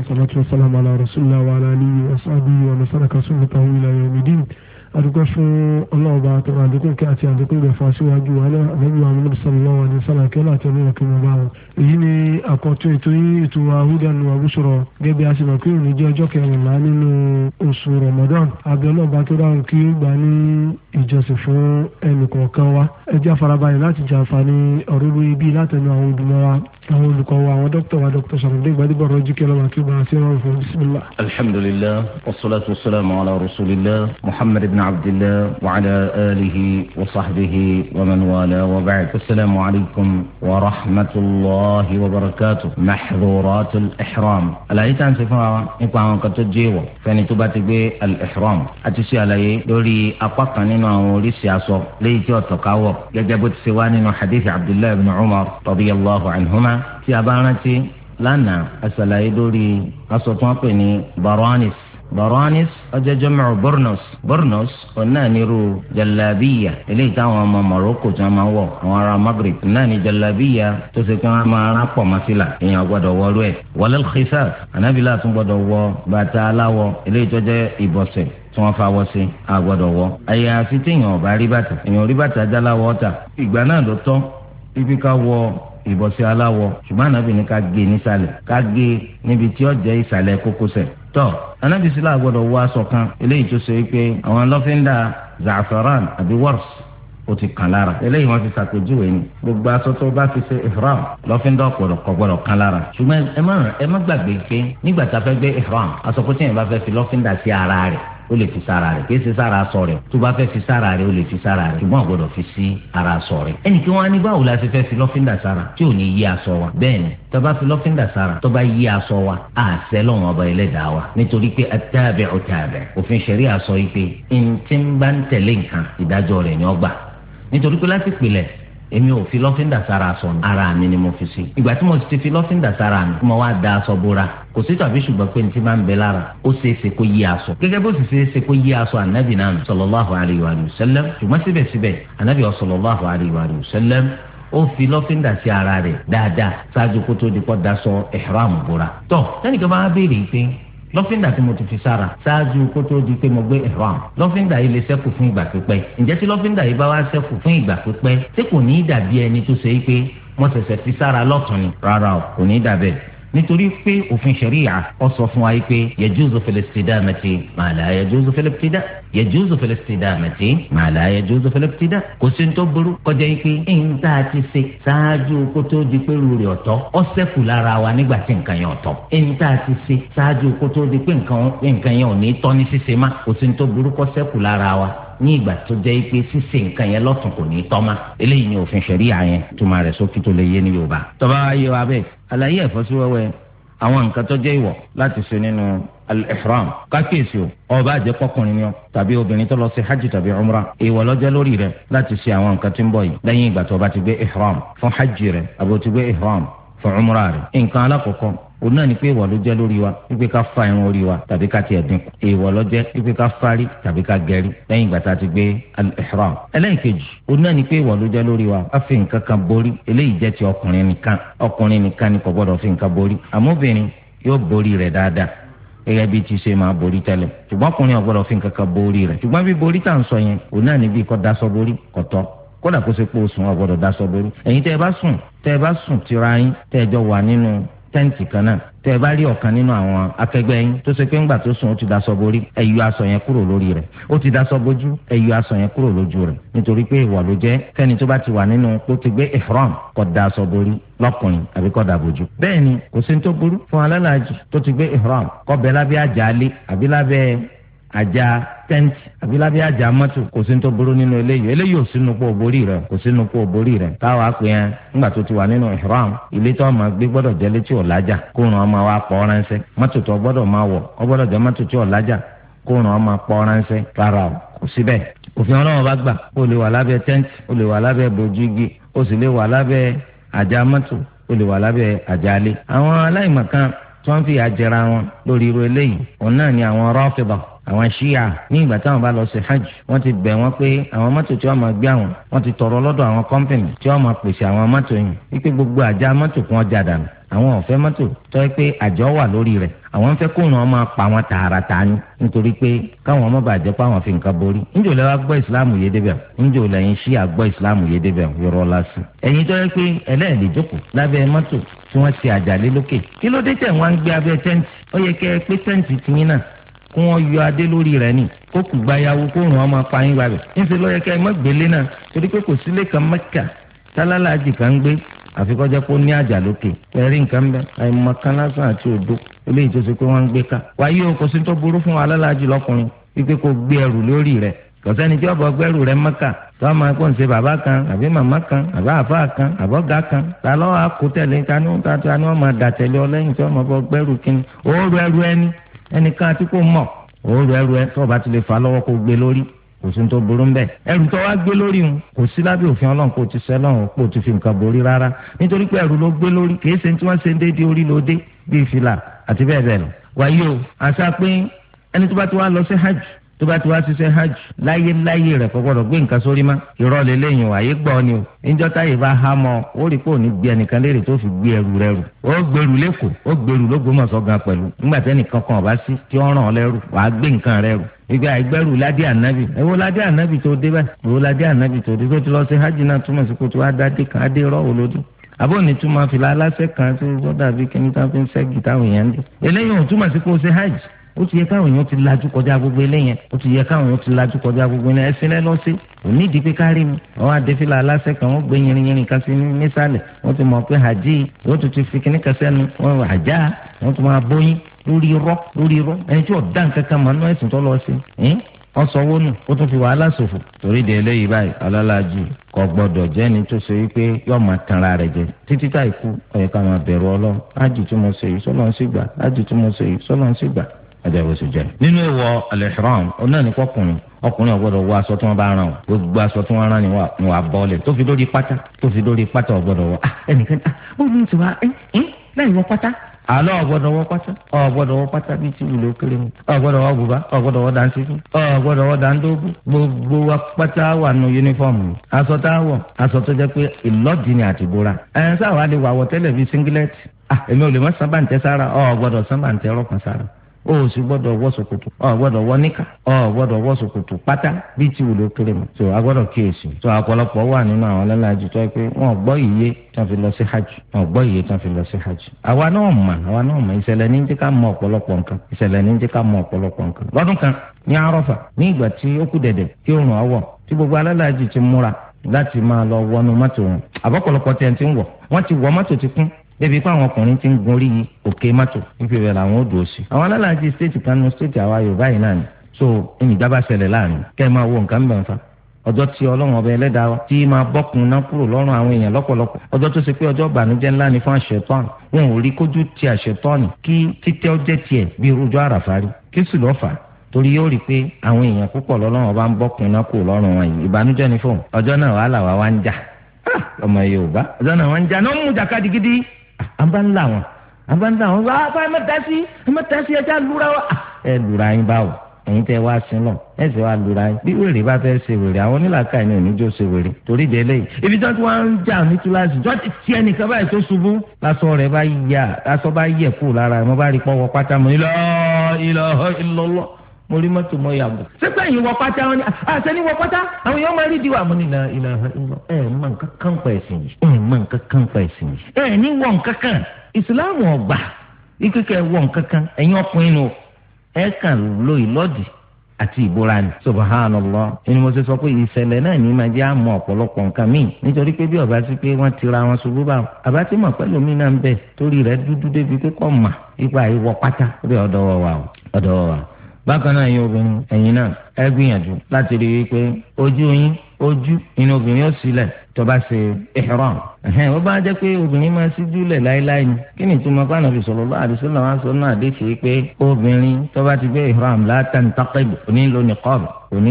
والصلاة والسلام على رسول الله وعلى آله وصحبه ومن سلك سنته إلى يوم الدين adúgbò fún ọlọ́ọ̀bá àtọ́rọ̀ àdínkùn kí àti àdínkùn ìgbẹ̀fà síwájú wa náà lẹ́yìn àwọn ọmọdésọ́lọ́ wa ní sàlàkẹ́ láti ọdún ọ̀kẹ́ mọ́ bá wọn. èyí ni àkọ́tún ètò yín ètò àwùjánu àbúṣọrọ̀ gẹ́gẹ́ a sì mọ̀ pé òní jẹ́ ọjọ́ kẹrìnlá nínú oṣù Ramadan abẹ́ ọlọ́ọ̀bá tó dáhùn kí ó gbà ní ìjọsìn fún ẹnìkọ̀ọ̀kan wa ẹ jẹ́ àfarabalẹ̀ láti jàǹfààní ọ̀rọ̀ lórí bíi látẹnu àwọn olùmọ̀ wa àwọn olùkọ́ wa àwọn dókítà wa dókítà sọ̀rọ̀dé gbadébọ̀ ọ̀rọ̀ jíkẹ́ lọ́wọ́ àti ọba àti ọba fún bisimilá. alhamdulilah wasalaatu wasalaamu ala rasulillah muhammad ibn abdillah wa ala alihi wa sahbihi wa man wala wa ba'd. asalaamu alaykum wa rahmatulahi wa barakatu. maxduuraatu al-ixraam. alaye tan se fún wa nípa àwọn kan tó jẹ́ wọ̀ al-ixraam. a ti ṣe lórí apá nínú àwọn oríṣi aṣọ léyìí tí ọ̀tọ̀ ká wọ̀ gẹ́gẹ́ bó ti ṣe wá nínú hadith abdullahi ibn umar radiyallahu anhuma tí a bá rántí lánàá àṣàlàyé lórí aṣọ tí wọ́n pè ní baranis baranis ọjọ́ jẹ́mọ̀ọ́ bornos bornos ọ̀nà nírú jalabiya eléyìí táwọn ọmọ Morocco tí wọ́n máa wọ̀ àwọn ará Maghrib ọ̀nà ní jalabiya tó ṣe pé wọ́n máa rán pọ̀ mọ́sílà èèyàn gbọ́dọ̀ wọ́ọ́rọ́ ẹ̀ wọlé xisaf anábìlà tún gbọ́dọ̀ wọ bàtà aláwọ̀ eléyìí tó jẹ́ ìbọ̀sẹ̀ tí wọ́n fa wọ́ sí àgbọ̀dọ̀ wọ́ àyàfi téèyàn ọ̀bá rí bàtà èèyàn rí bàtà jáláwọ́ ọ̀tà ìgbà náà ló tọ́ ibi ká wọ ìbọ̀sẹ̀ aláwọ̀ ṣùgbọ́n ànábì ní ká gé e nísàlẹ̀ ká gé e níbi tí ó jẹ́ ìsàlẹ̀ kókósẹ̀ tọ́ ànábì sílẹ̀ àgbọ̀dọ̀ wọ aṣọ kan eléyìí tó ṣe pé àwọn lọ́fíńdà zafaran àbí wọ́rs ó ti kàn lára eléyìí wọn ti ṣàpèjúwe ni gbogbo aṣọ tó bá fi ṣe ihram lọ́fíńdà ọ̀pọ̀lọ̀ kò gbọ́dọ̀ kàn lára ṣùgbọ́n ẹ má gbàgbé pé nígbà tá a fẹ́ gbé ihram aṣọ kó tíyẹn bá fẹ́ fi lọ́fíńdà sí ara rẹ̀ o lè fi sára rẹ̀ kì í ṣe sára aṣọ rẹ̀ tó bá fẹ́ fi sára rẹ̀ o lè fi sára rẹ̀ ṣùgbọ́n àgbọ̀dọ̀ fi sí ara aṣọ rẹ̀ ẹnì kí á ní báwo la ṣe fẹ́ fi lọ́fíńdà sára tí ò ní yí aṣọ wa bẹ́ẹ̀ ni tó bá fi lọ́fíńdà sára tó bá yí aṣọ wa á ṣẹ́ lọ́wọ́n ọba ẹlẹ́dàá wa nítorí pé àtàbẹ̀ ọ̀tàbẹ̀ òfin ṣẹ̀rí aṣọ yìí pé ntí ń bá ń tẹ̀lé nǹkan ìdájọ́ rẹ̀ ni ọgbà nítorí pé láti pìlẹ̀ èmi ò fi lọ́fíńdà sára aṣọ mi ara mi ni mo fi sí ìgbà tí mo ti fi lọ́fíńdà sára mi mo wá da aṣọ bóra kò sí tàbí ṣùgbọ́n pé ní ti máa ń bẹ lára ó ṣe é ṣe kó yí aṣọ gẹ́gẹ́ bó sì ṣe é ṣe kó yí aṣọ ànábì náà sallallahu alayhi wa sallam ṣùgbọ́n síbẹ̀síbẹ̀ ànábì sallallahu alayhi wa sallam ó fi lọ́fíńdà sí ara rẹ̀ dáadáa ṣáájú kó tó di kó daṣọ lọ́fíńdà tí mo ti fi sára ṣáájú kó tó di pé mo gbé ihram lọ́fíńdà yìí lè ṣẹ́kù fún ìgbà pípẹ́ ǹjẹ́ tí lọ́fíńdà yìí bá wá ṣẹ́kù fún ìgbà pípẹ́ tí kò ní í dàbí ẹni tó ṣe é pé wọ́n ṣẹ̀ṣẹ̀ fi sára lọ́tún ni rárá o kò ní í dàbẹ́ nítorí pé òfin ṣẹ̀ríyà ọ sọ fún wa pé yajuzu fil istidamati ma la yajuzu fil ibtida yajuzu fil istidamati ma la yajuzu fil ibtida kò sí ní tó burú kọjá yìí pé ẹ̀yin tá a ti ṣe ṣáájú kó tó di pé rúurì ọ̀tọ̀ ọ sẹ́kù lára wa nígbà tí nǹkan yẹn ọ̀tọ̀ ẹ̀yin tá a ti ṣe ṣáájú kó tó di pé nǹkan yẹn ò ní tọ́ ní ṣíṣe má kò sí ní ìgbà tó jẹ́ pé ṣíṣe nǹkan yẹn lọ́tún kò ní í tọ́ ma eléyìí ni òfin ṣẹ̀ríyà yẹn tó máa rẹ̀ sókè tó lè yé ní Yorùbá tọ́ba yé wa bẹ́ẹ̀ àlàyé ẹ̀fọ́síwẹ́wẹ́ àwọn nǹkan tó jẹ́ ìwọ̀ láti ṣe nínú al-ihram kákèsì o ọba àjẹ kọkùnrin ni ọ tàbí obìnrin tó lọ sí hajj tàbí umra ìwọ lọ́jọ́ lórí rẹ láti ṣe àwọn nǹkan tí ń bọ̀ yìí lẹ́yìn ìgbà tó bá ti gbé ihram fún hajj rẹ àbò ti gbé ihram fún umra rẹ nǹkan alákọ̀ọ́kọ́ òun náà ni pé ìwọ ló jẹ́ lórí wa wípé ká fa irun orí wa tàbí ká tiẹ̀ dínkù ìwọ ló jẹ́ wípé ká fárí tàbí ká gẹrí lẹ́yìn ìgbà tá a ti gbé al ẹlẹ́yìnkejì òun náà ni pé ìwọ ló jẹ́ lórí wa ká fi nǹkan kan borí eléyìí jẹ́ ti ọkùnrin nìkan ọkùnrin nìkan ni kò gbọ́dọ̀ fi nǹkan borí àmóbìnrin yóò borí rẹ̀ dáadáa gẹ́gẹ́ bí ti ṣe máa borí tẹ́lẹ̀ ṣùgbọ́n ọkùnrin ò gbọ́dọ̀ fi nǹkan kan borí rẹ̀ tẹ́ǹtì kan náà tẹ́ ẹ bá rí ọ̀kan nínú àwọn akẹgbẹ́ yín tó ṣe pé ńgbà tó sùn ó ti daṣọ borí ẹ yọ aṣọ yẹn kúrò lórí rẹ̀ ó ti daṣọ bojú ẹ yọ aṣọ yẹn kúrò lójú rẹ̀ nítorí pé ìwà ló jẹ́ kẹ́ni tó bá ti wà nínú kó ti gbé ìfrọ́m kó daṣọ borí lọ́kùnrin àbí kó dàbójú. bẹ́ẹ̀ kò sí ní tó burú fún alálàájì tó ti gbé ìfrọ́m kó bẹ lábẹ́ àjálé àjà tent àbílábí àjà mọ́tò kò sí ní tó burú nínú eléyìí eléyìí ò sínú pọ̀ borí rẹ̀ kò sínú pọ̀ borí rẹ̀ táwa pè é ńgbà tó ti wà nínú ìhram ilé tó gbé gbọ́dọ̀ jẹ́ létí kó ràn ọmọ wa pọ̀ ránṣẹ́ mọ́tò tó gbọ́dọ̀ máa wọ̀ ọ gbọ́dọ̀ jẹ́ mọ́tò tí ò kó ràn ọmọ pọ̀ ránṣẹ́ rárá o kò síbẹ̀ òfin ọlọ́wọ́ bá gbà ó tent àwọn ṣíà ní ìgbà táwọn bá lọ sí hajj wọ́n ti bẹ̀ wọ́n pé àwọn mọ́tò tí wọ́n máa gbé àwọn wọ́n ti tọrọ lọ́dọ̀ àwọn kọ́mpìnì tí wọ́n máa pèsè àwọn mọ́tò yìí wípé gbogbo àjà mọ́tò kún ọjà dànù àwọn ọ̀fẹ́ mọ́tò tọ́ pé àjọ wà lórí rẹ̀ àwọn fẹ́ kóun ọmọ pa wọn tààràtà ni nítorí pé káwọn ọmọ bàjẹ́ pa àwọn fi nǹkan borí níjò lẹ́wọ́ gbọ́ ìsìláàmù yé débẹ̀ níjò lẹ́yìn sí àgbọ́ ìsìláàmù yé débẹ̀ yọrọ lásì. ẹ̀yin tọ́ pé ẹlẹ́ẹ̀lì jókòó lábẹ́ mọ́tò tí wọ́n ṣe àjàlé lókè kí ló dé tẹ̀ wọ́n ń gbé abẹ́ tẹ́ǹtì ó yẹ kẹ́ pé tẹ́ǹtì tiyín náà kó wọn yọ adé lórí rẹ ni kó kù gbayawo kó rùn ọmọ apáyín gbàgbé ńṣe ló yẹ kí ẹ má gbélé náà torí pé kò sílé kan mẹ́kà tálálà àjì kan gbé àfikọ́jẹ́ pé ó ní àjà lókè ẹ̀rí nǹkan bẹ́ẹ̀ àìmọ̀ kan lásán àti odó eléyìí tó ṣe pé wọ́n ń gbé ká. wáyé o kò sí tó burú fún alálàájì lọkùnrin wípé kò gbé ẹrù lórí rẹ kọ̀sẹ́ni tí ọ̀bọ̀ gbẹ́rù rẹ mẹ́kà tọ́wọ́ máa kó ń ṣe bàbá kan àbí màmá kan àbá àfa kan àbọ̀gá kan ta lọ́wọ́ àkótẹ́lẹ̀ ta ni wọ́n máa dà tẹ̀lé tí wọ́n máa gbẹ́rù kínní òórùn ẹrù ẹni ẹnìkan àti kò mọ̀ òun rẹ̀ rẹ̀ tó o bá ti lè fà á lọ́wọ́ kó gbé lórí kò sí tó burú ń bẹ ẹrù tó wá gbé lórí ń kò sí lábẹ́ òfin Ọlọ́run kò ti sẹlọrun kò ti fi nǹkan borí rárá nítorí pé ẹrù ló gbé lórí kì í ṣe tí wọn ṣe ń déédéé orí ló bíi fìlà àti bẹ́ẹ̀ bẹ́ẹ̀ lọ. wàyí o àṣà pé ẹni tó bá ti wá lọ sí hajj tó bá ti wá ṣiṣẹ́ hajj láyé láyé rẹ̀ kò gbé nǹkan sórí má irọ́ lélẹ́yìn o àyè gbọ́ ni o níjọ́ táyé bá há mọ́ ó rí pò ní ẹnìkan léèrè tó fi gbé ẹrù rẹ rù ó gbèrú lẹ́kọ̀ọ́ ó gbèrú lÓgbómọ̀ṣọ́ pẹ̀lú kan ọ̀bá sí tí ó ràn ọ́ lẹ́rù wàá gbé nǹkan rẹ̀ rù ìgbà ìgbẹ́rù ládé ànábì ànábì tó báyìí ó ti yẹ káwọn èèyàn ti lajú kọjá gbogbo eléyẹn ó ti yẹ káwọn èèyàn ti lajú kọjá gbogbo eléyẹn ẹsìn lẹ́nu sí òní ìdí pé kárí mi àwọn adéfìlà aláṣẹ kan wọ́n gbé yìnrìnyìnrìn kan sí nísàlẹ̀ wọ́n ti mọ̀ pé hajj wọ́n tún ti fi kíní kan sẹ́nu wọ́n hajjá wọ́n tún máa bóyin lórí irọ́ lórí irọ́ ẹni tí ò dá nǹkan kan mọ̀ tó lọ sí ọsọwó nù ó tún fi wàhálà ṣòfò. torí de eléyìí báyìí ọlọ́lájú kò gbọ́dọ̀ jẹ́ni tó ṣe wípé yóò máa tanra rẹ̀ jẹ títí táìkú ọ̀yẹ́ká máa bẹ̀rù ọlọ́run ájì tí mo ṣe yìí sọ́lọ́run sì gbà ájì tí mo ṣe yìí sọ́lọ́run sì gbà ẹ̀dẹ̀rù sì jẹ́. nínú ìwọ al-ihram ni ní kọkùnrin ọkùnrin ọgbọ́dọ̀ wọ aṣọ tí wọ́n bá rán o gbogbo aṣọ tí wọ́n rán ni wà bọ́ọ̀lẹ̀ tó fi lórí pátá tó fi lórí pátá ọgbọ́dọ̀ wọ ah, ẹnìkan ah, ó ní tiwa láì wọ pátá àlọ́ ọ̀gbọ́dọ̀ wọ pátá ọ̀gbọ́dọ̀ wọ pátá bíi ti wùlé òkèlè mu ọ̀gbọ́dọ̀ wọ bùbá ọ̀gbọ́dọ̀ wọ dantí ọ̀gbọ́dọ̀ wọ dandógù gbogbo wa pátá wà nù yunifọ́ọ̀mù aṣọ tá a wọ̀ aṣọ tó jẹ́ pé ìlọ́dì ni àti bóra ẹ̀ sáwà lè wà wọ tẹ́lẹ̀ bíi singlet ah èmi ò lè mọ sábà ń tẹ sára ọ̀gbọ́dọ̀ sábà ń tẹ ọlọ́kan sára o ò sì gbọ́dọ̀ wọ ṣòkòtò ọ gbọ́dọ̀ wọ níkà ọ gbọ́dọ̀ wọ ṣòkòtò pátá bíi ti wùlò kéré mọ tó a gbọ́dọ̀ kíyèsí tó ọ̀pọ̀lọpọ̀ wà nínú àwọn ọlọ́lajì tó yẹ pé wọn gbọ́ iye tán fi lọ sí hajj wọn gbọ́ iye tán fi lọ sí hajj. àwa náà mà àwa náà mà ìṣẹ̀lẹ̀ ní jẹ́ ká mọ ọ̀pọ̀lọpọ̀ nǹkan ìṣẹ̀lẹ̀ ní jẹ́ ká mọ ọ̀pọ̀lọpọ̀ nǹkan lọ́dún kan ní arọ́fà ní ìgbà tí ó kù dẹ̀dẹ̀ tí ó ọwọ́ tí gbogbo alálàájì ti múra láti máa lọ wọnú mọ́tò wọn àbọ̀pọ̀lọpọ̀ tiẹ̀ ti ń wọ̀ wọ́n ti wọ mọ́tò ti kún débi pé àwọn ọkùnrin ti ń gun orí òkè mọ́tò wípé bẹ́ẹ̀ làwọn ò dùn sí. àwọn alálàájì stéètì kan nu stéètì àwa yorùbá yìí náà ni so ìjàmbá ṣẹlẹ̀ láàrin kẹ́ ẹ máa wo nǹkan mẹ́rin fa ọjọ́ tí ọlọ́run ọba ẹlẹ́dàá wa tí máa bọ́kùn náà kúrò lọ́rùn àwọn èèyàn lọ́pọ̀lọpọ̀ ọjọ́ tó ṣe pé ọjọ́ ìbànújẹ́ ńlá ni fún àṣetán wọn ò rí kójú ti àṣetán kí títẹ́ ọjẹ́ tiẹ̀ bí irújọ́ àràfárí kí sì lọ́ọ́ fà á torí yóò rí i pé àwọn èèyàn púpọ̀ lọ́lọ́run ọba ń bọ́kùn náà kúrò lọ́rùn wọn yìí ìbànújẹ́ ni fún ọjọ́ náà wàhálà wa wá ń jà ah, ọmọ yorùbá ọjọ́ náà wọ́n ń jà náà mú jàkadì gidi à ń bá ń là wọn à ń bá ń là wọn àbá ẹ má dá sí ẹ má dá sí ẹ já lura wa ẹ lura yín báwo ẹ̀yin tẹ́ wá sí lọ ẹ sì wá lura yín bí wèrè bá fẹ́ ṣe wèrè àwọn onílàkà yìí ní ìjọ ṣe wèrè torí ìdí eléyìí ibi tí wọ́n ti wá ń jà ní túláàsì jọ́ ti ti ẹnìkan báyìí tó ṣubú lásọ rẹ̀ bá yà lásọ bá yẹ kú lára ẹ̀ mo bá rí pọ́wọ́ pátá mo ilọ̀ ilọ̀ ilọ̀lọ̀ mo rí mọ́tò mọ́ yàgò. sẹ́gbẹ́ yìí wọ pátá wọn ni àṣẹ ni wọ pátá àwọn kan pa ẹ̀sìn yìí ẹ̀ mọ nǹkan kan pa ẹ̀sìn yìí ẹ̀ ní wọ̀ nǹkan kan ìsìláàmù ọ̀gbà ikíkẹ́ wọ̀ nǹkan kan ẹ̀yin ọkùnrin nù ẹ̀ kàn ló ìlọ́dì àti ìbora ni. subhanallah ẹni mo ṣe sọ pé ìṣẹ̀lẹ̀ náà ní máa jẹ́ àmọ́ ọ̀pọ̀lọpọ̀ nǹkan míì nítorí pé bí ọ̀bá sí pé wọ́n ti ra wọn ṣubú bá àbá tí mọ̀ pẹ́lú mi náà ń bẹ̀ torí rẹ̀ dúdú débi pé kò mà ipa ìwọ pátá rí ọ̀dọ̀ wọ̀ wà ọ̀dọ̀ wọ̀ bákan náà ẹ̀yin obìnrin ẹ̀yin náà ẹ gbìyànjú láti rí i pé ojú yín ojú inú obìnrin yóò sílẹ̀ tó bá ṣe ihram ẹ̀hẹ́n ó bá jẹ́ pé obìnrin máa ṣíjú lẹ̀ láéláé ni kí ni ìtumọ̀ pé ànábì sallallahu alaihi wasallam wá sọ náà déṣe pé obìnrin tó bá ti gbé ihram la tantaqib òní lónìí qab òní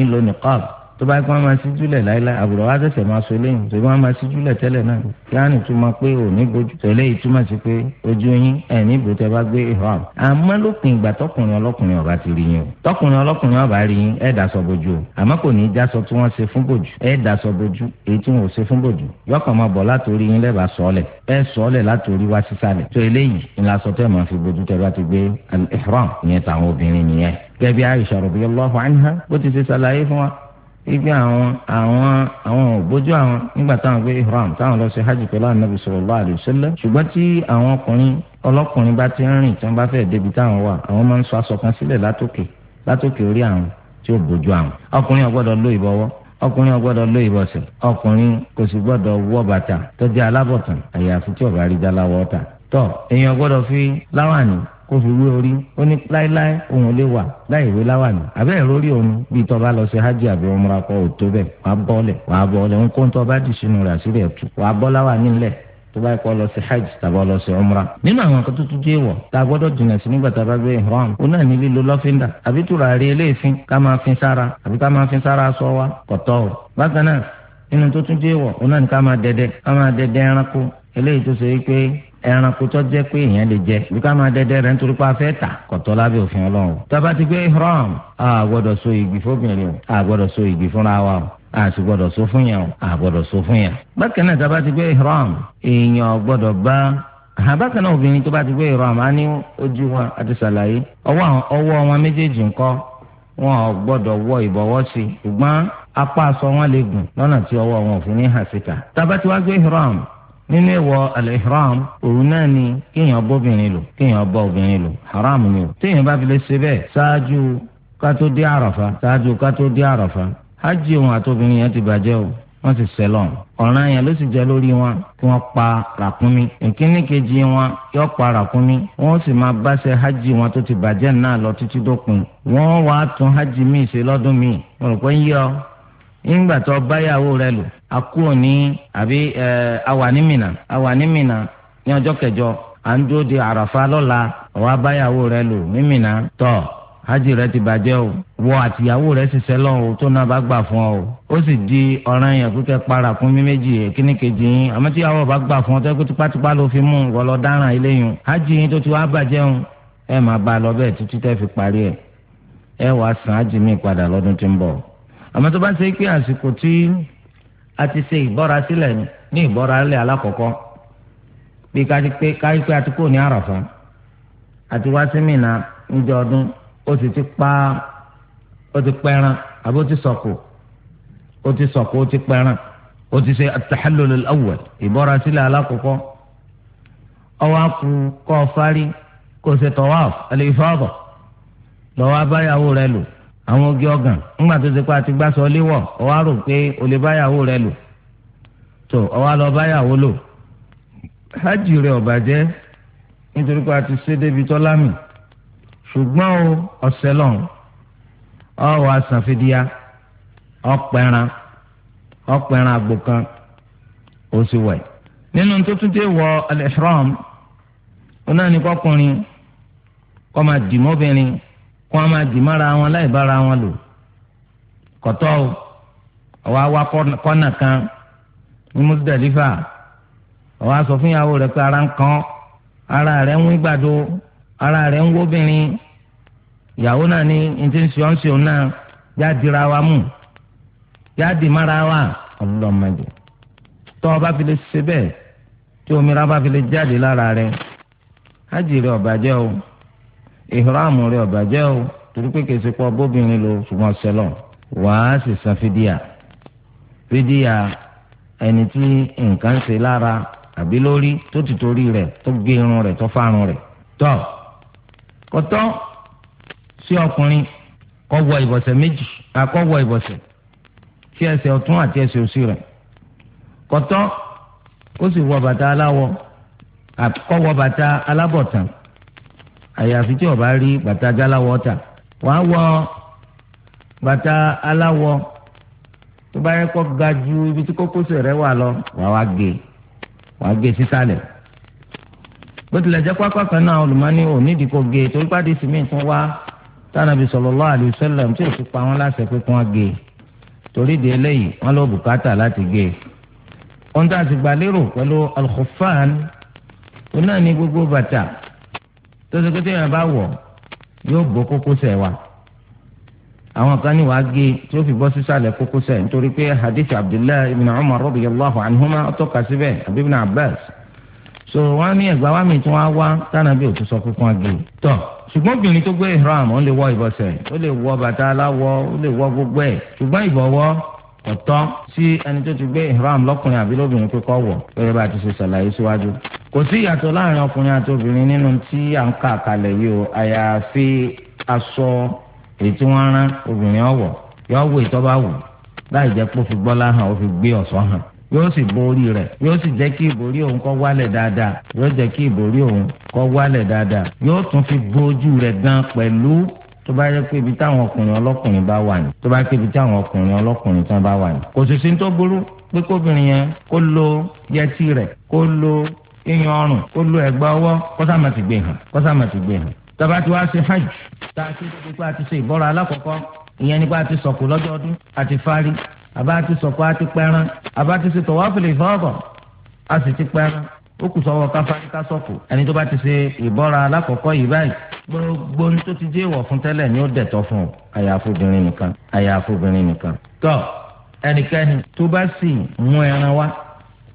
tó bá kí wọn máa ṣíjú lẹ̀ láéláé àbùrọ̀ wa ṣẹ̀ṣẹ̀ máa sọ lẹ́yìn tó bá máa ṣíjú lẹ̀ tẹ́lẹ̀ náà kí á nì túmọ̀ pé ò ní bójú tẹ́lẹ̀ yìí túmọ̀ sí pé ojú yín ẹ̀ ní ìbò tẹ́ bá gbé ìhọ́ àmọ́. àmọ́ lópin ìgbà tọkùnrin ọlọ́kùnrin ọ̀bá ti rí yín o tọkùnrin ọlọ́kùnrin ọ̀bá rí yín ẹ̀ dàsọ bojú o àmọ́ kò ní í jásọ tí wọ́n ṣe fún bòjú ẹ̀ dàsọ bojú èyí tí wọ́n ṣe fún bòjú yọkàn ihram ìyẹn tàwọn obìnrin nìyẹn gẹ́gẹ́ bí Aisha radiyallahu anha bó ti ṣe ibi àwọn àwọn àwọn òbójú àwọn nígbà táwọn gbé ihram táwọn lọ sí hajj pẹ̀lú anabi sallallahu alaihi wasallam ṣùgbọ́n tí àwọn ọkùnrin ọlọ́kùnrin bá ti ń rìn tí wọ́n bá fẹ́ débi táwọn wà àwọn máa ń sọ aṣọ kan sílẹ̀ látòkè látòkè orí àwọn tí ó bójú àwọn ọkùnrin ò gbọ́dọ̀ lo ìbọ̀wọ́ ọkùnrin ò gbọ́dọ̀ lo ìbọ̀sẹ̀ ọkùnrin kò sì gbọ́dọ̀ wọ bàtà tó jẹ́ alábọ̀tàn àyàfi tí ó bá rí dáláwọ ta tọ èèyàn ò gbọ́dọ̀ fi láwàní kó fi wé orí ó ní láéláé òun lè wà láì wé láwàní àbẹ́ ẹ̀rọ rí òun bíi tọ́ba lọ sí hajj àbí ọmọra kọ́ ò tó bẹ̀ wàá bọ́ọ̀lẹ̀ wàá bọ́ọ̀lẹ̀ ń kó tọ́ba dì sínú rẹ̀ àṣírí ẹ̀tù wàá bọ́ láwàní lẹ̀ tó bá kọ́ lọ sí hajj tàbá lọ sí ọmọra. nínú àwọn kan tó tún dé wọ̀ tá a gbọ́dọ̀ jìnnà sí nígbà tá a bá gbé ìhàn ó náà ní lílo lọ́fíńdà àbí tùràrí eléèfín ká máa fi sára àbí ká máa fi sára aṣọ wa kọ̀tọ́ o. bákan náà nínú tó tún dé wọ̀ ó náà ní ká máa dẹdẹ ká máa dẹdẹ ẹranko eléyìí tó ṣe é pé ẹranko tó jẹ́ pé èèyàn lè jẹ bí ká máa dẹdẹ rẹ nítorí pé a fẹ́ tà kọ̀tọ́ lábẹ́ òfin ọlọ́run tábà ti gbé ihram a gbọ́dọ̀ so igi fóbìnrin o a gbọ́dọ̀ so igi fúnra wa o a sì gbọ́dọ̀ so fún yẹn o a gbọ́dọ̀ so fún yẹn. bákan náà tábà ti gbé ihram èèyàn gbọ́dọ̀ bá àbákan náà obìnrin tó bá ti gbé ihram a ní ojú wọn àti sàlàyé ọwọ́ ọwọ́ wọn méjèèjì ńkọ́ wọn ò gbọ́dọ̀ wọ ìbọ̀wọ́ sí ṣùgbọ́n apá aṣọ wọn lè gùn lọ́nà tí ọwọ́ wọn ò ní hàn síta tábà gbé ihram nínú ìwọ al-ihram òun náà ni kéèyàn bóbìnrin lò kéèyàn bá obìnrin lò haram ni o téèyàn bá fi lè ṣe bẹ́ẹ̀ ṣáájú kátó dé àràfà ṣáájú kátó dé àràfà hajj òun àtobìnrin yẹn ti bàjẹ́ o wọ́n ti sẹ́lọ̀ ọ̀ràn yẹn ló sì jẹ́ lórí wọn kí wọ́n pa ràkúnmí ìkíní kejì wọn yọ pa ràkúnmí wọ́n sì máa báṣẹ hajj wọn tó ti bàjẹ́ náà lọ títí dópin wọ́n wàá tún hajj míì ṣe lọ́dún míì mo rò akúrò ní àbí àwa ní Mínà àwa ní Mínà ní ọjọ́ kẹjọ à ń dúró de àràfà lọ́la àwa báyàwó rẹ lò ní Mínà tọ́ hajj rẹ ti bàjẹ́ o wọ àtìyàwó rẹ ṣiṣẹ́ lọ́wọ́ tó náà bá gbà fún ọ ó sì di ọ̀ràn yẹn kó kẹ́ para fún mi méjì kíní kejì yín àmọ́ tí ìyàwó bá gbà fún ọ tó kó tipátipá ló fi mú wọ́n lọ dáràn eléyìí hajj yín tó ti wá bàjẹ́ o ẹ máa bá a lọ bẹ́ẹ̀ títí tẹ́ fi parí ẹ̀ ẹ wàá san hajj mi padà lọ́dún tí ń bọ̀ àmọ́ tó bá ṣe pé àsìkò tí a ti ṣe ìbọ́ra sílẹ̀ ní ìbọ́ra ilẹ̀ alákọ̀ọ́kọ́ bí káyí pé a ti kó ní àràfà àti wá sí Mínà níjọ ọdún ó sì ti pa ó ti pẹran àbí ti sọ̀kò ó ti sọ̀kò ó ti pẹran ó ti se at-tahallul ìbọ́ra sílẹ̀ alákọ̀ọ́kọ́ ọwọ́ akú kọ́ ọ fárí kó o ṣe tawaf al-ifada lọ́wọ́ abáyàwó rẹ lò. àwọn oge ọ̀gàn ńgbà tó ṣe pé àti gbà sọ léwọ̀ ọwọ́ rò pé o lè báyàwó rẹ lò tó ọwọ́ lọ báyàwó lò hajj rẹ ò bàjẹ́ nítorí pé àti ṣe débi tọ́lámì ṣùgbọ́n o ọ̀sẹ̀ lọ́n ọ̀wọ́ àsànfìdíya ọ̀pẹ̀ran ọ̀pẹ̀ran àgbò kan ó sì wẹ̀. nínú tó tún dé wọ al-ihram onáà ní kọkùnrin kọ́ máa dì mọ́bìnrin kó wọn máa dì mára wọn láì bára wọn lò kọ̀tọ́ o ọ̀wá wá kọ́nà kan ní mùsùlùmí ọ̀wá sọ fún ìyàwó rẹ̀ pé ara ń kan ara rẹ̀ ń gbàdo ara rẹ̀ ń wóbìnrin ìyàwó náà ní ntí ń ṣe ọ́n ṣe òun náà yá dira wa mú yá dì mára wa ọlọ́mọdé tọ́ ọba fi lè ṣe bẹ́ẹ̀ tí omi ra bá fi lè jáde lára rẹ̀ ájì rẹ̀ ọ̀bàjẹ́ o ìhìrámù rẹ̀ ọ̀bàjẹ́ o torí pé kèsì pọ̀ bóbìnrin lo ṣùgbọ́n sẹlọ̀ wàá sì san fídíà fídíà ẹni tí nǹkan ṣe lára àbí lórí tó ti torí rẹ̀ tó gé irun rẹ̀ tó fárun rẹ̀ tọ́ kọ́tọ́ sí ọkùnrin kọ́ wọ ìbọ̀sẹ̀ méjì kọ́ wọ ìbọ̀sẹ̀ sí ẹsẹ̀ ọ̀tún àti ẹsẹ̀ òsì rẹ̀ kọ́tọ́ ó sì wọ bàtà aláwọ̀ kọ́ wọ bàtà alábọ̀tàn àyàfi tí o bá rí bàtà aláwọ̀ tà wàá wọ bàtà aláwọ̀ tó bá yẹ kó ga ju ibi tí kókósẹ̀ rẹ̀ wà lọ wàá wá gé wàá gé sísàlẹ̀ bó tilẹ̀ jẹ́ pápá kan náà olùmọ́ni ò nídìí kó gé torí pàdé sìmẹ́ǹtì tún wá tánàbí sallallahu alaihi wasallam tí òsì pa wọn láṣẹ pé kí wọ́n gé torí di eléyìí wọ́n lọ bùkátà láti gé ohun tá a ti gbà lérò pẹ̀lú al-khuffan òun ní gbogbo bàtà tọ́sí pé téèyàn bá wọ̀ yóò bó kókósẹ̀ wa àwọn kan ní wàá gé tí ó fi bọ́ sísàlẹ̀ kókósẹ̀ nítorí pé hadith abdullahi ibn umar radiyallahu anhuma ó tọ́ka síbẹ̀ ibn abbas so wọ́n ní ẹ̀gbá wa mi tí wọ́n á wá tánàbí ò tún sọ pé kí wọ́n gé tọ́ ṣùgbọ́n obìnrin tó gbé ihram ó lè wọ ìbọ̀sẹ̀ ó lè wọ bàtà aláwọ̀ ó lè wọ gbogbo ẹ̀ ṣùgbọ́n ìbọ̀wọ́ ọ̀tọ̀ sí ẹni tó ti gbé ihram lọ́kùnrin àbí lóbìnrin pé kó wọ̀ pé bá a ti ṣe ṣàlàyé síwájú kò sí ìyàtọ̀ láàrin ọkùnrin àti obìnrin nínú tí à ń kà kalẹ̀ yìí o àyàfi aṣọ èyí tí wọ́n rán obìnrin ọ̀wọ̀ yóò wọ ìtọ́ bá wù láì jẹ́ pé ó fi gbọ́lá hàn ó fi gbé ọ̀ṣọ́ hàn yóò sì borí rẹ̀ yóò sì jẹ́ kí ìborí òun kó wálẹ̀ dáadáa yóò jẹ́ kí ìborí òun kó wálẹ̀ dáadáa yóò tún fi bójú rẹ̀ gan pẹ̀lú tó bá yẹ pé ibi táwọn ọkùnrin ọlọ́kùnrin bá wà ní tó bá yẹ pé ibi táwọn ọkùnrin ọlọ́kùnrin tán bá wà ní. kò sì sí ní tó burú pé kóbìnrin yẹn kó lo yẹtí rẹ̀ kó lo kéèyàn ọrùn kó lo ẹ̀gbà ọwọ́ kọ́sàmà ti gbé hàn kọ́sàmà ti gbé hàn tọ́ba ti wá ṣe hajj tá a ti ṣe pé a ti ṣe ìbọ́ra alákọ̀ọ́kọ́ ìyẹn nípa àti sọ̀kù lọ́jọ́ ọdún àti fárí àbá àti sọ̀kù àti pẹran àbá àti ṣe tọ̀wáfìlì ìfọwọ́bọ̀ a sì ti pẹran ó kù sọ́wọ́ ká fárí ká sọ̀kù ẹni tó bá ti ṣe ìbọ́ra alákọ̀ọ́kọ́ yìí báyìí gbogbo ní tó ti dé ìwọ̀ fún tẹ́lẹ̀ ni ó dẹ̀tọ́ fún ọ àyàfi obìnrin nìkan àyàfi obìnrin nìkan. tọ́ ẹnikẹ́ni tó bá sì mú ẹran wá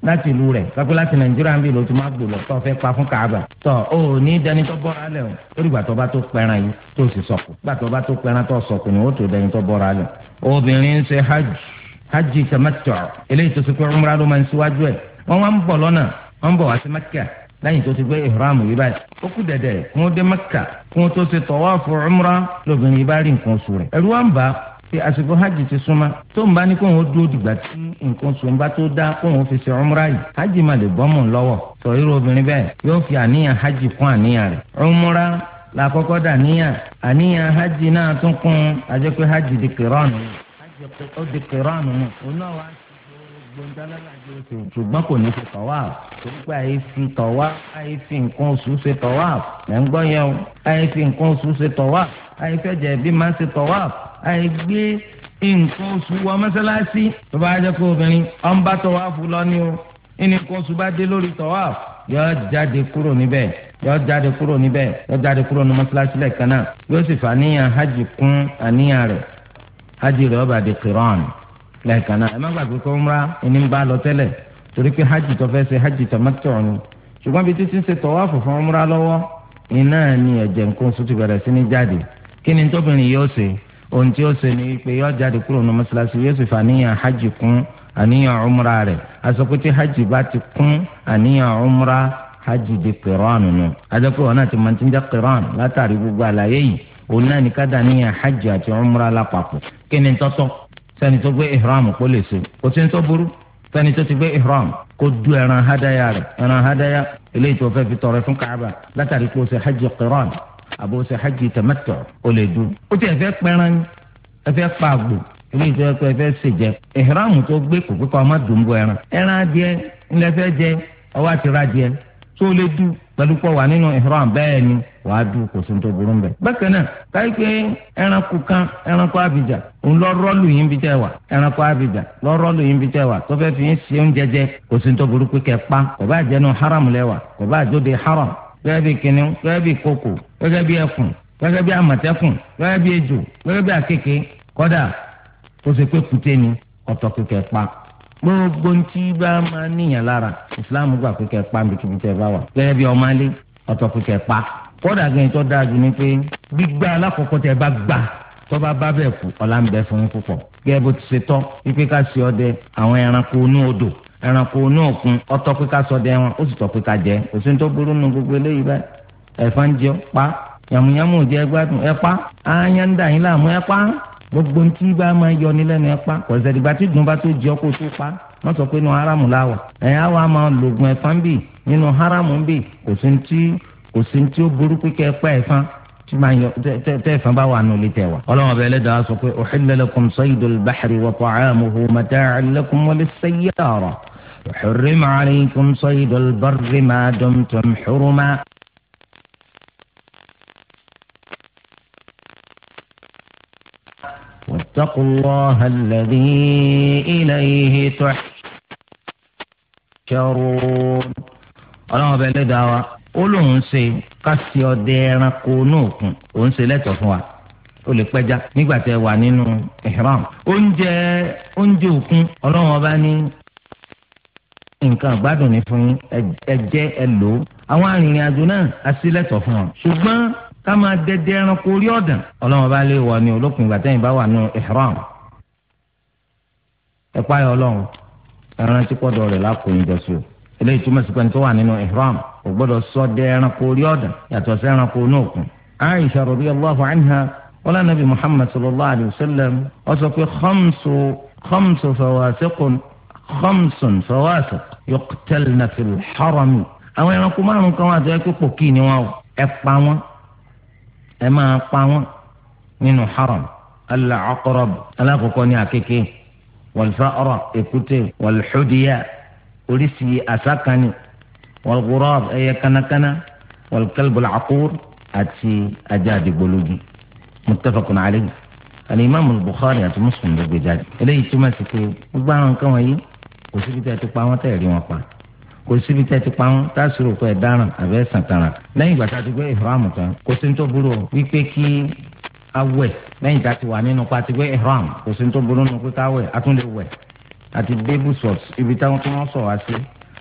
láti ìlú rẹ̀ kápẹ́ láti nàìjíríà ń bí ló ti máa gbò lọ tó fẹ́ pa fún kaaba tó o ní dẹni tó bọ́ra lẹ̀ o lórí ìgbà bá tó pẹran yìí tó sì sọ̀kù ìgbà bá tó pẹran tó sọ̀kù ni ó tó dẹni tó bọ́ra lẹ̀ obìnrin ń ṣe hajj hajj tamattu eléyìí tó ti pé umra ló máa ń síwájú ẹ̀ wọ́n wá ń bọ̀ lọ́nà wọ́n ń bọ̀ wá sí mẹ́kà lẹ́yìn tó ti gbé ihram yìí báyìí ó kú dẹ̀dẹ̀ kí wọ́n dé mẹ́kà kí wọ́n tó ti tọ́wọ́ fún umra lóbìnrin pé àsìkò hajj ti súnmọ́ tó ń bá ní kóun ó dúró dìgbà tí nǹkan sùn tó dá kóun fi ṣe umra yìí hajj má lè bọ́mù lọ́wọ́ sọ irú obìnrin bẹ́ẹ̀ yóò fi àníyàn hajj kún àníyàn rẹ̀ umra la dà níyàn àníyàn hajj náà tún kún àjẹpé hajj di kìrọ́ọ̀nù ó di kìrọ́ọ̀nù náà òun náà wá ṣùgbọ́n kò ní fi tọ́wá àyè fi àyè àìgbé nǹkan oṣù wọ mọ́sálásí tó bá jẹ́ kó obìnrin ọ̀n bá tọ̀wáàfù lọ ní o ẹni nǹkan oṣù bá dé lórí tọ̀wáàfù yóò jáde kúrò níbẹ̀ yóò jáde kúrò níbẹ̀ yóò jáde kúrò ní mọ́sálásí lẹ́ẹ̀kan náà yóò sì fà níyàn hajj kún àníyàn rẹ̀ hajj rẹ̀ ọba di kiran lẹ́ẹ̀kan náà ẹ má gbàgbé kó múra ẹni ń bá lọ tẹ́lẹ̀ torí pé hajj tó fẹ́ ṣe hajj tamattu' ni ṣùgbọ́n ohun tí ó ṣe ni pé yóò jáde kúrò ní mọ́ṣáláṣí yóò sì fàníyàn hajj kún àníyàn umra rẹ̀ àsọkú tí hajj bá ti kún àníyàn umra hajj di qiran nù adékòwò náà ti máa ti ń jẹ́ qiran látàrí gbogbo àlàyé yìí òun náà ní ká dàníyàn hajj àti umra lápapọ̀ kí ni tọ́tọ́ sẹ́ni tó gbé ihram kó lè so kò sí ní tó burú sẹ́ni tó ti gbé ihram kó du ẹran hadaya rẹ̀ ẹran hadaya eléyìí tó fẹ́ fi tọrẹ fún Kaaba látàrí kó o ṣe hajj qiran àbò o hajj tamattu ó lè dùn ó ti ẹ̀fẹ́ pẹ́ran ẹ̀fẹ́ pa àgbò ilé ìjọba pé ẹ̀fẹ́ ṣèjẹ ìhìrámù tó gbé kò pé kọ́ ọmọ dùnbó ẹran ẹran adìẹ ńlẹ̀ fẹ́ jẹ ọwọ́ àti radìẹ tó lè dùn pẹ̀lú pọ̀ ni wàá dùn kò sí tó burú náà ẹranko kan ẹranko abidjan yín ẹranko abidjan yín tó fẹ́ fi ń gẹ́gẹ́ bí kìnìún gẹ́gẹ́ bí kòkò gẹ́gẹ́ bí ẹkùn gẹ́gẹ́ bí àmọ̀tẹ́kùn gẹ́gẹ́ bí ejò gẹ́gẹ́ bí àkekè kọ́dà ó ṣe pé kùté ni ọ̀tọ̀ kékeré pa gbogbo ntí bá máa níyàn lára islam gbà kékeré pa níbi tí bá wà gẹ́gẹ́ bí ọmọlé ọ̀tọ̀ kékeré pa kọ́dà gẹ́gẹ́ tó dáa jù ni pé gbígbá alákọ̀ọ́kọ́ tẹ bá gbà tọ́ba bá bẹ̀ kú ọ̀la ń bẹ fún yín púpọ̀ gẹ́gẹ́ bó ti ṣe tọ́ wípé ká ṣe ọdẹ àwọn ẹranko inú odò ẹranko inú òkun ọtọ pé ká sọdẹ wọn ó sì tọ pé ká jẹ kò sí ní tó burú nu gbogbo eléyìí báyìí ẹ̀fọn jẹ pa yàmùyàmù jẹ gbádùn ẹ pa ayáńdà yín làmú ẹ gbogbo ń tí bá máa yọ ní lenu ẹ pa tí dùn bá tó jẹ kó tó pa wọ́n sọ pé inú haramu láwà ẹ̀yìn bì nínú haramu bì tí ó máa yọ tẹ́ẹ̀fọ́n bá wà nulí tẹ̀ wá. ọlọ́run ọbẹ̀ ẹlẹ́dàá sọ pé uhilla lakum saydul bahri wa ta'amuhu mata'an lakum wa lis-sayyara wa hurrima alaykum saydul barri ma dumtum huruma. واتقوا الله الذي إليه تحشرون. ọlọ́run ọbẹ̀ ẹlẹ́dàá wa. ó lóun ṣe kásì ọdẹ ẹranko náà kùn òun ṣe lẹ́tọ̀ fún wa ó lè pẹja nígbà tẹ wà nínú ihram oúnjẹ oúnjẹ òkun ọlọ́run ọba ní nǹkan àgbádùn ní fún yín ẹ jẹ ẹ lò ó àwọn arìnrìn-àjò náà á sí lẹ́tọ̀ fún wọn ṣùgbọ́n ká máa dẹdẹ ẹranko orí ọ̀dàn ọlọ́run ọba lè wọ ni olókùn ìgbà tẹ́yìn bá wà nínú ihram ẹ páyọ ọlọ́run ẹran tí pọ́dọ̀ rẹ̀ lákòóyìn jọ sí o eléyìí túmọ̀ sí pé ní tó wà nínú ihram kò gbọ́dọ̀ sọdẹ ẹranko orí ọ̀dàn yàtọ̀ sí ẹranko inú òkun. aisha radiyallahu anha wala nabi muhammad sallallahu alayhi wa sallam ó sọ pé khamsu khamsu fawasiqun khamsun fawasiq yuqtalna fil harami. àwọn ẹranko márùn kan wà tó yẹ kó pòkì ni wọn ẹ pa wọn ẹ máa pa wọn nínú haram al-aqrab alákọ̀ọ́kọ́ ní àkekèé wal fa'ra èkúté wal oríṣi àṣà wal-ghurab ẹyẹ kánákáná wal-kalbu al-aqur àti ajá àdìgbòlójú muttafaqun alayhi al-imam al-bukhari àti muslim ló gbé jáde eléyìí túmọ̀ sí pé gbogbo àwọn nǹkan wọ̀nyí kò síbi tẹ́ ti pa wọ́n tẹ́ rí wọn pa kò síbi tẹ́ ti pa wọ́n tá a sọ̀rọ̀ pé ẹ̀dáràn àbẹ́ sàtàrà lẹ́yìn ìgbà tá a ti gbé ìhàmù tán kò sí ní tó wípé kí a wẹ̀ lẹ́yìn tá a ti wà nínú pa ti gbé ìhàmù kò sí ní tó nínú pé ká wẹ̀ a tún lè wẹ̀ àti baby socks ibi táwọn tó wọ́n sọ̀ wá sí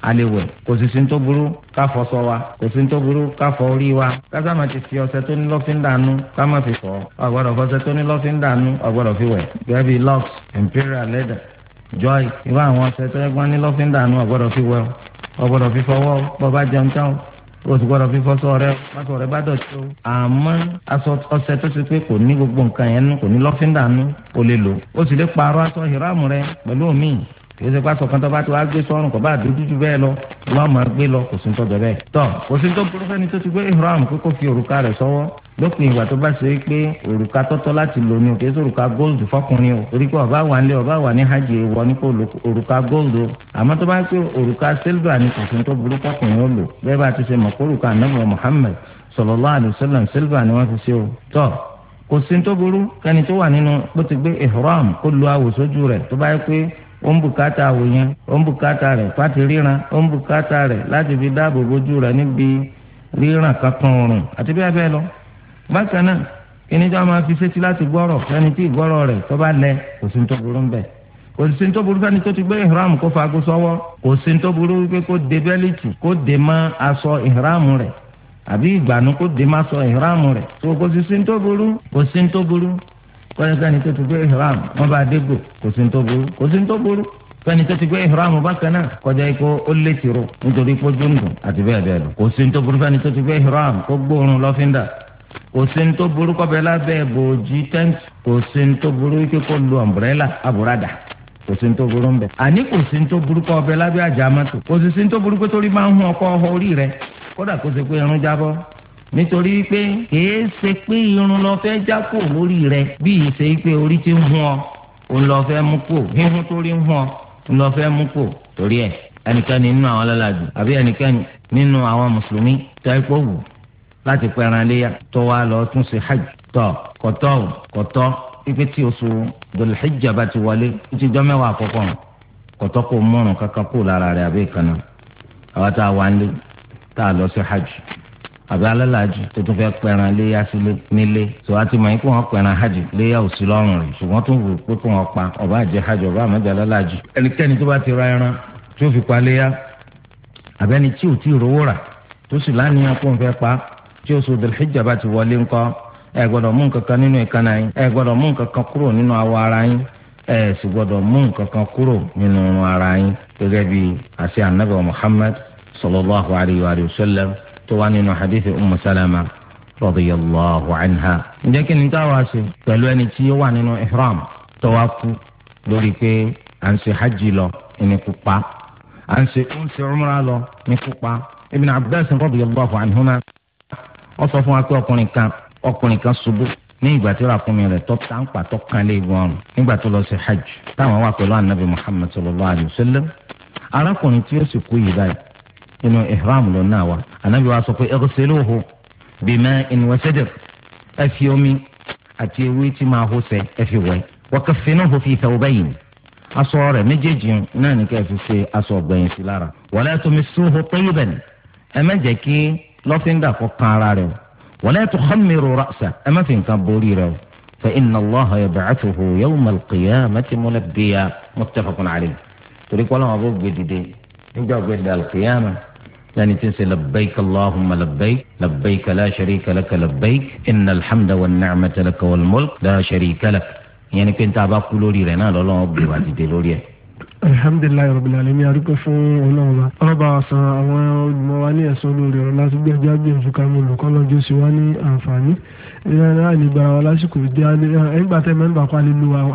alẹ́wẹ̀ kò sì sí ní tó burú ká fọṣọ wa kò sí ní tó burú ká fọ orí wa kásá ti fi ọṣẹ tó ní lọ́fíńdà nú ká má fi fọ ọ̀gbọ́dọ̀ fọṣẹ tó ní lọ́fíńdà nú ọ̀gbọ́dọ̀ fi wẹ̀ gẹ́gẹ́ lux imperial leather joy irú àwọn ọṣẹ tó ẹgbọ́n ní lọ́fíńdà nú ọ̀gbọ́dọ̀ fi wẹ̀ ọ̀gbọ́dọ̀ fi fọwọ́ bọ́ bá jẹun tán o ti gbọ́dọ̀ fífọ sọ rẹ pásọ rẹ bá dọ̀tí o àmọ́ aṣọ ọṣẹ tó ti pé kò ní gbogbo nǹkan yẹn nù kò ní lọ́fíńdà nù o lè lò o sì lè pààrọ̀ aṣọ hìrámù rẹ pẹ̀lú omi kì í ṣe pásọ kan tó bá ti wá gbé sọ́run kò bá dúdú jù bẹ́ẹ̀ lọ wọ́n á máa gbé lọ kò sí tó bẹ́ẹ̀. tọ́ kò sí tó burú fẹ́ni tó ti gbé ihram kókó fi òrùka rẹ̀ sọ́wọ́ lópin ìgbà tó bá ṣe é pé òrùka tọ́tọ́ láti lò ní òkè sórùka gold fọkùnrin o torí pé ọba wà nílé ọba wà ní hajj èèwọ̀ nípa òrùka gold o àmọ́ tó bá pé òrùka silver ni kò sí tó burú fọkùnrin o lò bẹ́ẹ̀ bá ti ṣe mọ̀ Muhammad sallallahu alaihi wasallam silver ni wọ́n fi ṣe o tọ́ kò sí tó burú ihram kó lu àwòsójú rẹ̀ tó bá yẹ ó ń bùkátà àwòyẹn ó ń bùkátà rẹ̀ fáti ríran ó ń bùkátà rẹ̀ láti fi dáàbò bojú rẹ̀ níbi ríran kankan ọ̀run àti bẹ́ẹ̀ bẹ́ẹ̀ lọ. bákan náà kíni tí wọ́n máa fi sétí láti gbọ́rọ̀ fẹ́ni tí ìgbọ́rọ̀ rẹ̀ tó bá lẹ kò sí ní tó burú ń kò sí ní tó burú fẹ́ni tó ti gbé ìhram kó fagó sọ́wọ́ kò sí ní tó burú wípé kó de bẹ́líìtì kó de má aṣọ ìhram rẹ̀ àbí ìgbànú kó de má aṣọ ìhram rẹ̀ kò sí ní tó burú kò sí ní tó burú kọ́ni sani tó ti gbé ihram wọ́n bá dégbò kò sí ní tó burú kò sí ní tó burú sani tó ti gbé ihram bákan náà kọjá ikú ó lé tìró nítorí kó jóńdùn àti bẹ́ẹ̀ bẹ́ẹ̀ lọ kò sí ní tó burú sani tó ti gbé ihram kó gbóòórùn lọ́fíńdà kò sí ní tó burú kọ́bẹ̀ lábẹ́ bòójì tẹ́ǹtì kò sí ní tó burú ike kó lu ọ̀mbrẹ́là àbúradà kò sí ní tó burú ń bẹ̀. àní kò sí ní tó burú kọ́bẹ̀ lábẹ́ àjà mọ́tò kò sí ní tó burú pé torí máa ń hún ọkọ orí nítorí pé kìí ṣe pé irun lọ fẹ́ já kó lórí rẹ bí ìṣe pé orí ti ń hun ọ òun lọ fẹ́ mú kó híhun tó rí ń hun ọ òun lọ fẹ́ mú kó torí ẹ ẹnikẹ́ni nínú àwọn alálàjù àbí ẹnikẹ́ni nínú àwọn mùsùlùmí tó ẹ pọ̀ wù láti pẹran léyà tó wá lọ tún ṣe hajj tọ kọtọ kọtọ ipe tí oṣù dòlùhíjà ti wọlé ó ti àkọ́kọ́ kọtọ kò mọrùn kankan kó lára rẹ àbí ìkànnà àwọn tá wá ń lé tá lọ sí hajj àbí alálàájì tó tún fẹ́ pẹran léyà sílé nílé tó a ti mọ̀ yín kó wọn pẹran hajj léyà ò sí lọ́rùn rẹ̀ ṣùgbọ́n tó wù pé kó wọn pa ọba àjẹ hajj ọba àmọ́jẹ alálàájì. ẹnikẹ́ni tó bá ti ra ẹran tó fi pa léyà àbẹ́ni tí ò tí ì rówó rà tó sì láníyàn kó n fẹ́ pa tí oṣù dèlhìjà bá ti wọlé ńkọ́ ẹ gbọ́dọ̀ mú nǹkankan nínú ìkànnà yín ẹ gbọ́dọ̀ mú nǹkankan kúrò nínú awọ ara yín ẹ sì gbọ́dọ̀ mú nǹkankan kúrò nínú ara yín gẹ́gẹ́ bí àṣẹ anabi Muhammad sallallahu alayhi wa sallam tó wá nínú hadith umu salama radiyallahu anha. ǹjẹ́ kí ni táwa ṣe pẹ̀lú ẹni tí ó wà nínú ihram tó wá kú lórí pé à ń ṣe hajj lọ ẹni kú pa à ń ṣe ń ṣe umra lọ ní kú pa ibn abbas radiyallahu anhuma ó sọ fún wa pé ọkùnrin kan ọkùnrin kan ṣubú ní ìgbà tí ràkúnmí rẹ̀ tó ta ń pa tó kan lé igun nígbà tó lọ sí hajj táwọn wà pẹ̀lú anabi muhammad sallallahu alayhi wa sallam arákùnrin tí ó sì kú yìí báyìí inú ihram ló náà wà ànábì wa sọ pé igsiluhu bima'in wa sidr ẹ fi omi àti ewé tí máa hó sẹ ẹ fi wẹ̀ wa kaffinuhu fi thawbayn aṣọ rẹ̀ méjèèjì náà ní ká fi ṣe aṣọ ọgbẹ̀yìn sí lára wala tumissuhu tayyiban ẹ má jẹ́ kí lọ́fíńdà kó kan ara rẹ̀ wala tukhamiru ra'sa ẹ má fi nǹkan borí fa inna Allaha yab'athuhu yawma al mulabbiya muttafaqun alayh torí kọ́lọ́mọ̀ bó gbèdìde nígbà gbèdìde al-qiyamah يعني تنسى لبيك اللهم لبيك لبيك لا شريك لك لبيك إن الحمد والنعمة لك والملك لا شريك لك يعني كنت أبا كلوري رنا لا أبي واتي دلوري alhamdulilayi rabbil alamin arúgbó fún ọlọ́ọ̀ba ọlọ́ba san àwọn olùmọ̀ wa ní ẹ̀sọ́ lórí ọ̀rọ̀ láti gbé ẹjọ́ àgbẹ̀ ìfúkà mú olùkọ́ lọ́jọ́ sí wa ní àǹfààní ìlànà àìlègbára wa lásìkò ìdí ẹgbà tẹ mẹ́rin bàkọ́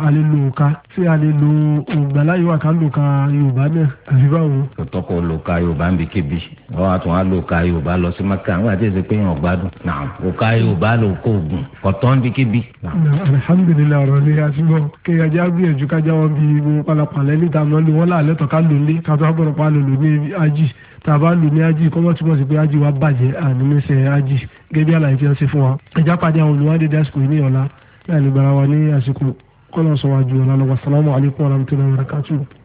àlelo òka sí àlelo ògbà láyé wà ká lòka yorùbá náà àfi báwo. tọkọ lòka yorùbá ń bi kébi wọn wá tún wá lòka yorùbá lọ sí maka wọn àti ẹsẹ pé yàn gbádùn náà òka yorùbá ló kó oògùn kọtọ ń bi kébi. alhamdulilayi ọ̀rọ̀ ni a ti bọ̀ kéèyàn jágbìyànjú kájà wọn bí gbogbo pálapàlẹ́ ní ìtàmọ́ ni wọ́n láàlẹ́ tọ́ ká lò ní kátó agbọ́dọ̀ pa lò ní ají tá a bá lò ní ají kọ́mọ́ túmọ̀ sí pé ají wa bàjẹ́ ànímẹ́sẹ̀ ají gẹ́gẹ́ bí àlàyé fi hàn sí fún wa ẹ̀já pàdé àwọn olùwádìí dásìkò ní ọ̀la láì lè gbára wa ní àsìkò kọ́nà sọ ọ̀la lọ́wọ́ sàlámù alaykum wa rahmatulahi wa